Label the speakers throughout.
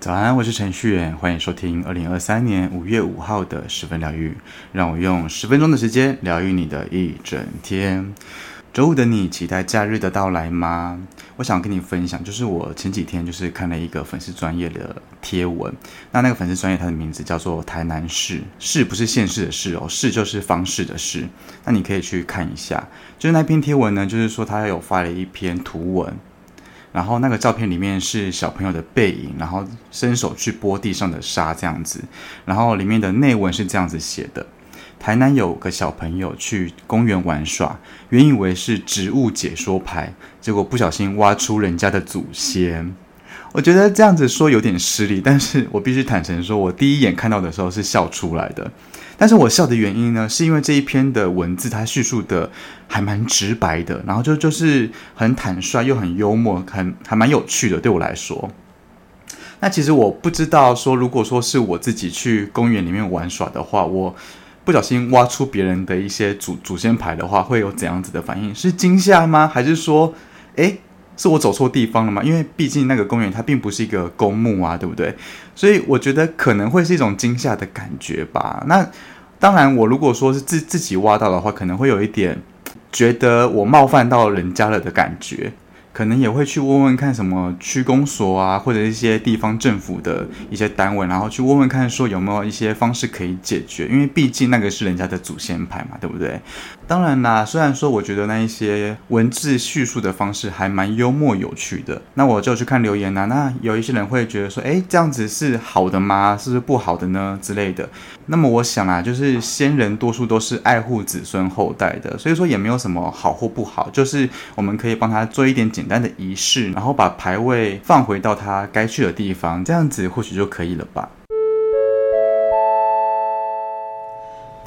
Speaker 1: 早安，我是許旭遠，歡迎收聽二零二三年五月五號的十分療癒，讓我用十分鐘的時間療癒你的一整天。週五的你，期待假日的到來嗎？我想跟你分享，就是我前幾天就是看了一個粉絲專頁的貼文。那那個粉絲專頁，它的名字叫做台南式，式不是縣市的市哦，式就是方式的式。那你可以去看一下，就是那篇貼文呢，就是說他有發了一篇圖文，然後那個照片裡面是小朋友的背影，然後伸手去撥地上的沙這樣子，然後裡面的內文是這樣子寫的。台南有個小朋友去公園玩耍，原以為是植物解說牌，結果不小心挖出人家的祖先。我覺得這樣子說有點失禮，但是我必須坦誠說，我第一眼看到的時候是笑出來的。但是我笑的原因呢，是因為這一篇的文字它敘述的還蠻直白的，然後就就是很坦率又很幽默，很還蠻有趣的。對我來說，那其實我不知道說，如果說是我自己去公園裡面玩耍的話，我。不小心挖出別人的一些祖祖先牌的話，會有怎樣子的反應？是驚嚇嗎？還是說，哎、欸，是我走錯地方了嗎？因為畢竟那個公園它並不是一個公墓啊，對不對？所以我覺得可能會是一種驚嚇的感覺吧。那當然，我如果說是自自己挖到的話，可能會有一點覺得我冒犯到人家了的感覺。可能也會去問問看，什麼區公所啊，或者一些地方政府的一些單位，然後去問問看，說有沒有一些方式可以解決，因為畢竟那個是人家的祖先牌嘛，對不對？當然啦，雖然說我覺得那一些文字敘述的方式還蠻幽默有趣的，那我就去看留言啦，那有一些人會覺得說，哎，這樣子是好的嗎？是不是不好的呢？之類的。那麼我想啊，就是先人多數都是愛護子孫後代的，所以說也沒有什麼好或不好，就是我們可以幫他做一點簡單的儀式，然後把牌位放回到他該去的地方，這樣子或許就可以了吧。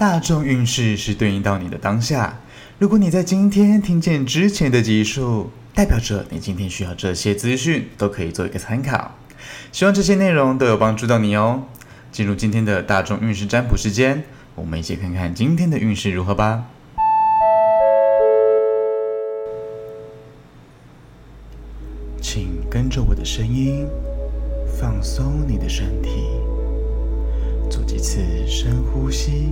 Speaker 1: 大眾運勢是對應到你的當下。如果你在今天聽見之前的集數，代表着你今天需要這些資訊，都可以做一個參考。希望這些內容都有幫助到你哦。進入今天的大眾運勢占卜時間，我們一起看看今天的運勢如何吧。請跟着我的聲音，放鬆你的身體，做幾次深呼吸。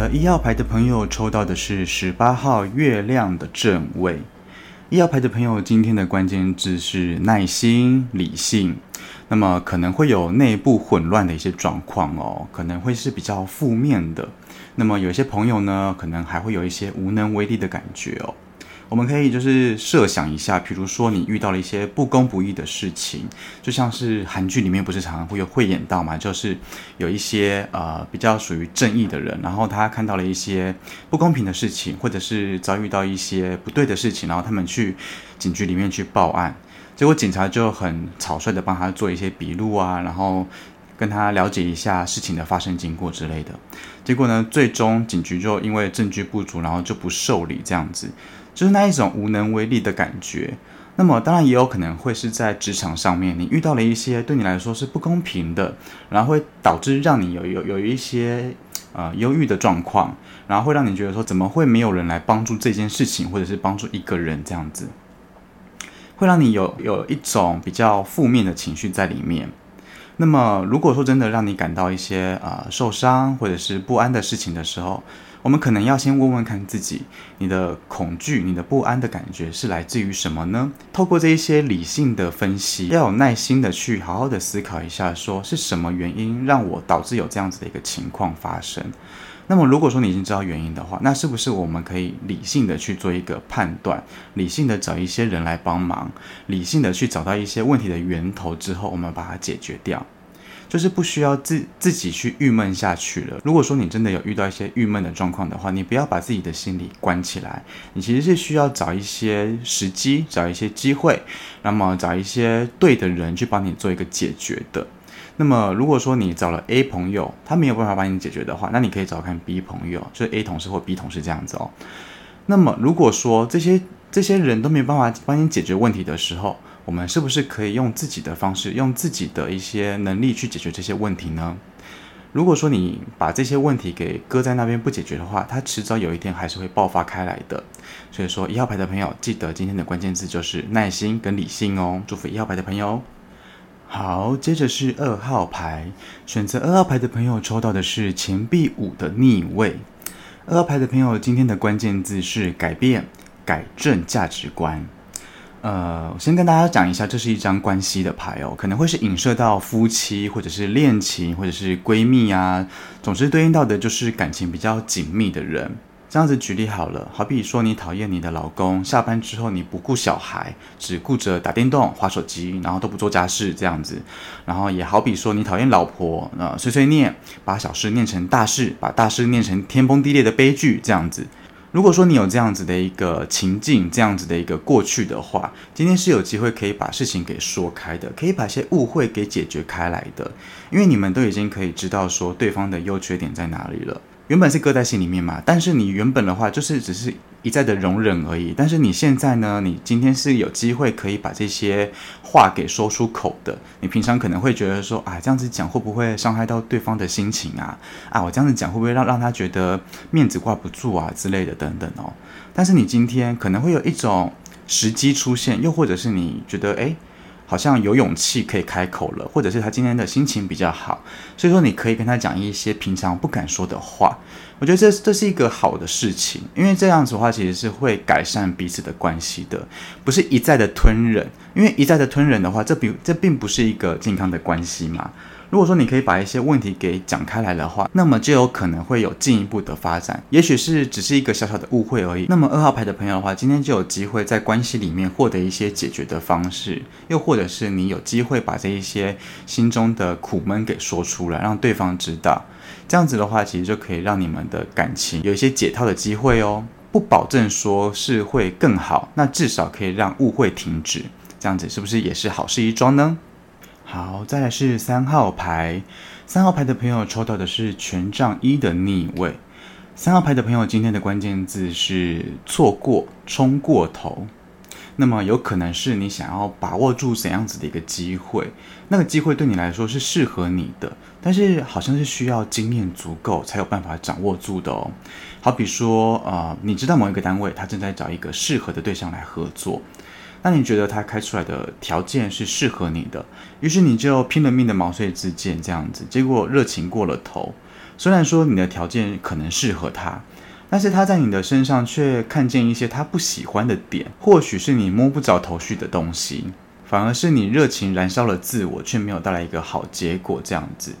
Speaker 1: 呃，一號牌的朋友抽到的是十八號月亮的正位。一號牌的朋友，今天的關鍵字是耐心、理性。那麼可能會有內部混亂的一些狀況哦，可能會是比較負面的。那麼有一些朋友呢，可能還會有一些無能為力的感覺哦。我們可以就是設想一下，比如說你遇到了一些不公不義的事情，就像是韓劇裡面不是常常會有會演到嘛，就是有一些呃比較屬於正義的人，然後他看到了一些不公平的事情，或者是遭遇到一些不對的事情，然後他們去警局裡面去報案，結果警察就很草率的幫他做一些筆錄啊，然後跟他了解一下事情的發生經過之類的，結果呢，最終警局就因為證據不足，然後就不受理這樣子。就是那一種無能為力的感覺，那麼當然也有可能會是在職場上面，你遇到了一些對你來說是不公平的，然後會導致讓你有有有一些呃憂鬱的狀況，然後會讓你覺得說怎麼會沒有人來幫助這件事情，或者是幫助一個人這樣子，會讓你有有一種比較負面的情緒在裡面。那麼如果說真的讓你感到一些呃受傷或者是不安的事情的時候，我們可能要先問問看自己，你的恐懼、你的不安的感覺是來自於什麼呢？透過這一些理性的分析，要有耐心的去好好的思考一下說，說是什麼原因讓我導致有這樣子的一個情況發生。那麼，如果說你已經知道原因的話，那是不是我們可以理性的去做一個判斷，理性的找一些人來幫忙，理性的去找到一些問題的源頭之後，我們把它解決掉。就是不需要自自己去鬱悶下去了。如果說你真的有遇到一些鬱悶的狀況的話，你不要把自己的心理關起來，你其實是需要找一些時機，找一些機會，然後找一些對的人去幫你做一個解決的。那麼如果說你找了 A 朋友，他沒有辦法幫你解決的話，那你可以找看 B 朋友，就是 A 同事或 B 同事這樣子哦。那麼如果說這些這些人都沒有辦法幫你解決問題的時候，我們是不是可以用自己的方式，用自己的一些能力去解決這些問題呢？如果說你把這些問題給擱在那邊不解決的話，它遲早有一天還是會爆發開來的。所以說一號牌的朋友，記得今天的關鍵字就是耐心跟理性哦。祝福一號牌的朋友。好，接着是二號牌，選擇二號牌的朋友抽到的是錢幣五的逆位。二號牌的朋友，今天的關鍵字是改變、改正價值觀。呃，我先跟大家講一下，這是一張關係的牌哦，可能會是影射到夫妻，或者是戀情，或者是閨蜜啊，總之對應到的就是感情比較緊密的人。這樣子舉例好了，好比說你討厭你的老公，下班之後你不顧小孩，只顧着打電動、滑手機，然後都不做家事，這樣子。然後也好比說你討厭老婆，呃，碎碎念，把小事念成大事，把大事念成天崩地裂的悲劇，這樣子。如果說你有這樣子的一個情境，這樣子的一個過去的話，今天是有機會可以把事情給說開的，可以把一些誤會給解決開來的，因為你們都已經可以知道說對方的優缺點在哪裡了。原本是擱在心裡面嘛，但是你原本的話就是只是。一再的容忍而已，但是你現在呢？你今天是有機會可以把這些話給說出口的。你平常可能會覺得說，啊，這樣子講會不會傷害到對方的心情啊？啊，我這樣子講會不會讓讓他覺得面子掛不住啊之類的等等哦。但是你今天可能會有一種時機出現，又或者是你覺得，誒。好像有勇氣可以開口了，或者是他今天的心情比較好，所以說你可以跟他講一些平常不敢說的話。我覺得這是這是一個好的事情，因為這樣子的話其實是會改善彼此的關係的，不是一再的吞忍。因為一再的吞忍的話，這比這並不是一個健康的關係嘛。如果說你可以把一些問題給講開來的話，那麼就有可能會有進一步的發展，也許是只是一個小小的誤會而已。那麼二號牌的朋友的話，今天就有機會在關係裡面獲得一些解決的方式，又或者是你有機會把這一些心中的苦悶給說出來，讓對方知道，這樣子的話，其實就可以讓你們的感情有一些解套的機會哦。不保證說是會更好，那至少可以讓誤會停止，這樣子是不是也是好事一樁呢？好，再來是三號牌，三號牌的朋友抽到的是權杖一的逆位。三號牌的朋友，今天的關鍵字是錯過、衝過頭。那麼有可能是你想要把握住怎樣子的一個機會，那個機會對你來說是適合你的，但是好像是需要經驗足夠才有辦法掌握住的哦。好比說，呃，你知道某一個單位，他正在找一個適合的對象來合作。那你覺得他開出來的條件是適合你的，於是你就拼了命的毛遂自薦這樣子，結果熱情過了頭。雖然說你的條件可能適合他，但是他在你的身上卻看見一些他不喜歡的點，或許是你摸不着頭緒的東西，反而是你熱情燃燒了自我，卻沒有帶來一個好結果這樣子。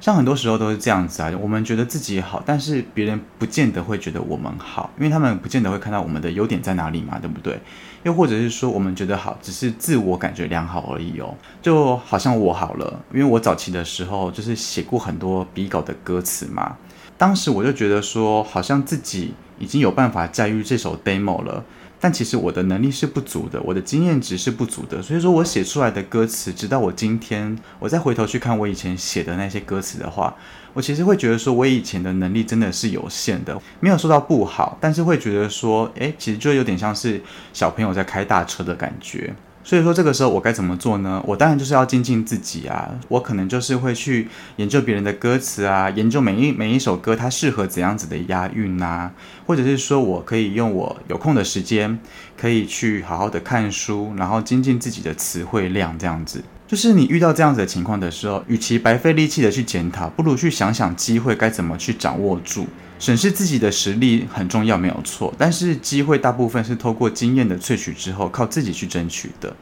Speaker 1: 像很多時候都是這樣子啊，我們覺得自己好，但是別人不見得會覺得我們好，因為他們不見得會看到我們的優點在哪裡嘛，對不對？又或者是說，我們覺得好，只是自我感覺良好而已哦，就好像我好了，因為我早期的時候就是寫過很多比稿的歌詞嘛，當時我就覺得說，好像自己已經有辦法駕馭這首 demo 了。但其實我的能力是不足的，我的經驗值是不足的，所以說我寫出來的歌詞，直到我今天，我再回頭去看我以前寫的那些歌詞的話，我其實會覺得說，我以前的能力真的是有限的，沒有說到不好，但是會覺得說，誒、欸，其實就有點像是小朋友在開大車的感覺。所以說這個時候我該怎麼做呢？我當然就是要精進自己啊！我可能就是會去研究別人的歌詞啊，研究每一每一首歌它適合怎樣子的押韻啊，或者是說我可以用我有空的時間，可以去好好的看書，然後精進自己的詞彙量這樣子。就是你遇到這樣子的情況的時候，與其白費力氣的去檢討，不如去想想機會該怎麼去掌握住。審視自己的實力很重要，沒有錯。但是機會大部分是透過經驗的萃取之後，靠自己去爭取的。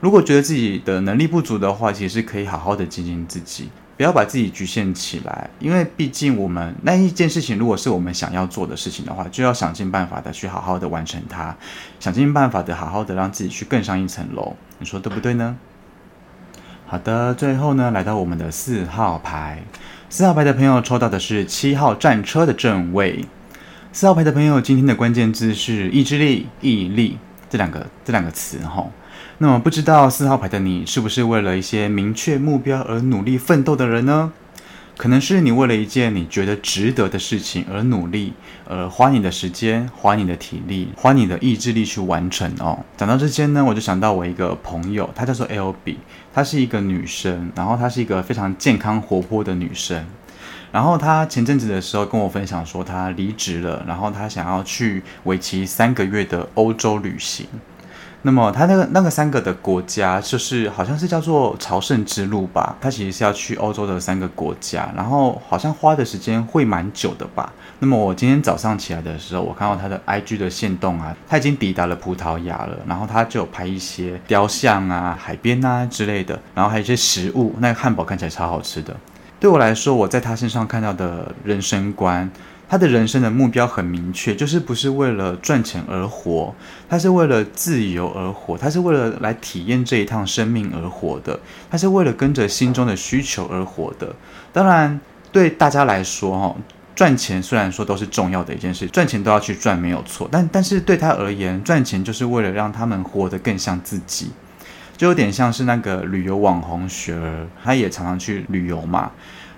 Speaker 1: 如果覺得自己的能力不足的話，其實可以好好的精進自己，不要把自己侷限起來。因為畢竟我們那一件事情，如果是我們想要做的事情的話，就要想盡辦法的去好好的完成它，想盡辦法的好好的讓自己去更上一層樓。你說對不對呢？好的，最後呢，來到我們的四號牌，四號牌的朋友抽到的是七號戰車的正位。四號牌的朋友，今天的關鍵字是意志力、毅力這兩個這兩個詞哈。那麼，不知道四號牌的你，是不是為了一些明確目標而努力奮鬥的人呢？可能是你為了一件你覺得值得的事情而努力，而花你的時間、花你的體力、花你的意志力去完成哦。講到這些呢，我就想到我一個朋友，她叫做 LB，她是一個女生，然後她是一個非常健康活潑的女生。然後她前陣子的時候跟我分享說，她離職了，然後她想要去為期三個月的歐洲旅行。那麼他那個那個三個的國家，就是好像是叫做朝聖之路吧。他其實是要去歐洲的三個國家，然後好像花的時間會蠻久的吧。那麼我今天早上起來的時候，我看到他的 IG 的限動啊，他已經抵達了葡萄牙了。然後他就有拍一些雕像啊、海邊啊之類的，然後還有一些食物，那個漢堡看起來超好吃的。對我來說，我在他身上看到的人生觀。他的人生的目標很明確，就是不是為了賺錢而活，他是為了自由而活，他是為了來體驗這一趟生命而活的，他是為了跟着心中的需求而活的。當然，對大家來說，哈，賺錢雖然說都是重要的一件事，賺錢都要去賺沒有錯，但但是對他而言，賺錢就是為了讓他們活得更像自己，就有點像是那個旅遊網紅雪兒，他也常常去旅遊嘛。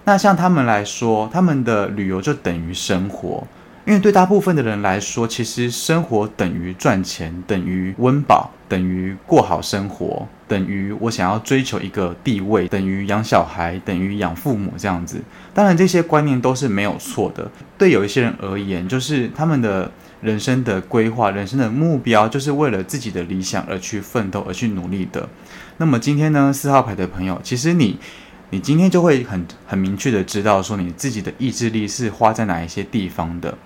Speaker 1: 那像他們來說，他們的旅遊就等於生活，因為對大部分的人來說，其實生活等於賺錢，等於溫飽，等於過好生活，等於我想要追求一個地位，等於養小孩，等於養父母這樣子。當然，這些觀念都是沒有錯的。對有一些人而言，就是他們的人生的規劃、人生的目標，就是為了自己的理想而去奮鬥、而去努力的。那麼今天呢，四號牌的朋友，其實你。你今天就會很很明確的知道，說你自己的意志力是花在哪一些地方的。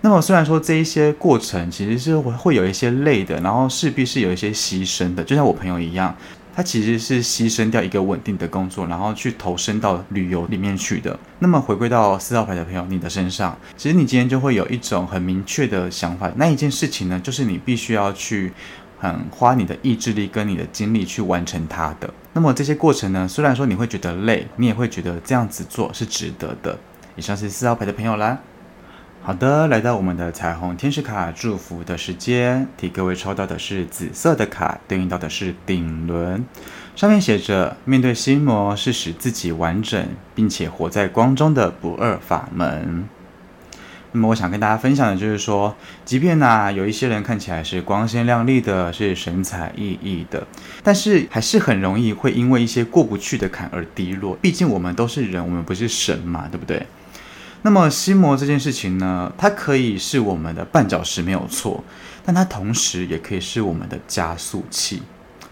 Speaker 1: 那麼雖然說這一些過程其實是會會有一些累的，然後勢必是有一些犧牲的。就像我朋友一樣，他其實是犧牲掉一個穩定的工作，然後去投身到旅遊裡面去的。那麼回歸到四號牌的朋友，你的身上，其實你今天就會有一種很明確的想法，那一件事情呢，就是你必須要去。很花你的意志力跟你的精力，去完成它的。那麼這些過程呢，雖然說你會覺得累，你也會覺得這樣子做是值得的。以上是四號牌的朋友啦。好的，來到我們的彩虹天使卡祝福的時間，替各位抽到的是紫色的卡，對應到的是頂輪，上面寫着：面對心魔，是使自己完整並且活在光中的不二法門。那麼我想跟大家分享的就是說，即便呢，啊，有一些人看起來是光鮮亮麗的，是神采奕奕的，但是還是很容易會因為一些過不去的坎而低落。畢竟我們都是人，我們不是神嘛，對不對？那麼心魔這件事情呢，它可以是我們的絆腳石，沒有錯，但它同時也可以是我們的加速器。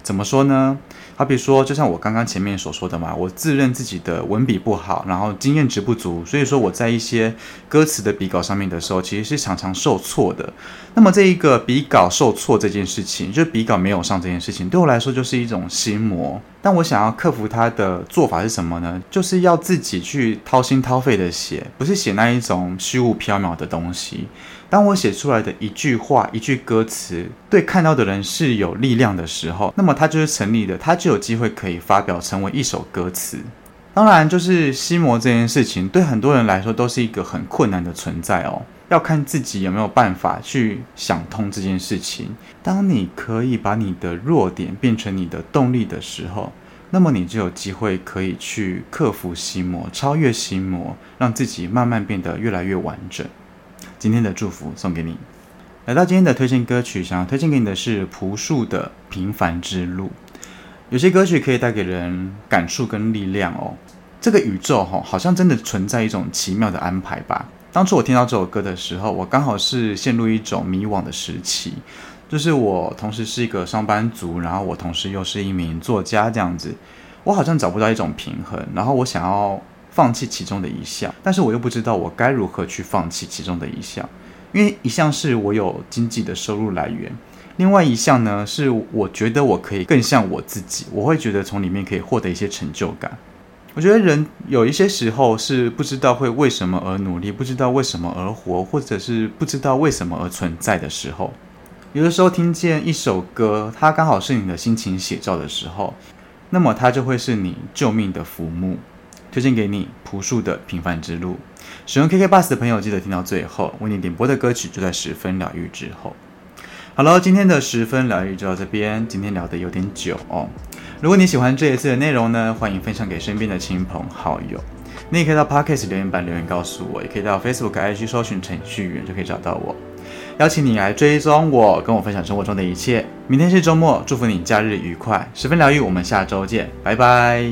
Speaker 1: 怎麼說呢？好比說，就像我剛剛前面所說的嘛，我自認自己的文筆不好，然後經驗值不足，所以說我在一些歌詞的比稿上面的時候，其實是常常受挫的。那麼這一個比稿受挫這件事情，就是比稿沒有上這件事情，對我來說就是一種心魔。但我想要克服他的做法是什麼呢？就是要自己去掏心掏肺的寫，不是寫那一種虛無縹緲的東西。當我寫出來的一句話、一句歌詞，對看到的人是有力量的時候，那麼它就是成立的，它就有機會可以發表成為一首歌詞。當然，就是心魔這件事情，對很多人來說都是一個很困難的存在哦。要看自己有沒有辦法去想通這件事情。當你可以把你的弱點變成你的動力的時候，那麼你就有機會可以去克服心魔，超越心魔，讓自己慢慢變得越來越完整。今天的祝福送給你。來到今天的推薦歌曲，想要推薦給你的是朴樹的《平凡之路》。有些歌曲可以帶給人感觸跟力量哦。這個宇宙哦，好像真的存在一種奇妙的安排吧。當初我聽到這首歌的時候，我剛好是陷入一種迷惘的時期，就是我同時是一個上班族，然後我同時又是一名作家，這樣子，我好像找不到一種平衡，然後我想要放棄其中的一項，但是我又不知道我該如何去放棄其中的一項，因為一項是我有經濟的收入來源，另外一項呢，是我覺得我可以更像我自己，我會覺得從裡面可以獲得一些成就感。我覺得人有一些時候是不知道會為什麼而努力，不知道為什麼而活，或者是不知道為什麼而存在的時候，有的時候聽見一首歌，它剛好是你的心情寫照的時候，那麼它就會是你救命的浮木。推薦給你《樸樹的平凡之路》。使用 KK Bus 的朋友，記得聽到最後，為你點播的歌曲就在十分療癒之後。好了，今天的十分療癒就到這邊，今天聊得有點久。哦。如果你喜歡這一次的內容呢，歡迎分享給身邊的親朋好友。你也可以到 Podcast 留言板留言告訴我，也可以到 Facebook IG 搜尋程序員就可以找到我，邀請你來追蹤我，跟我分享生活中的一切。明天是周末，祝福你假日愉快，十分療癒。我們下周見，拜拜。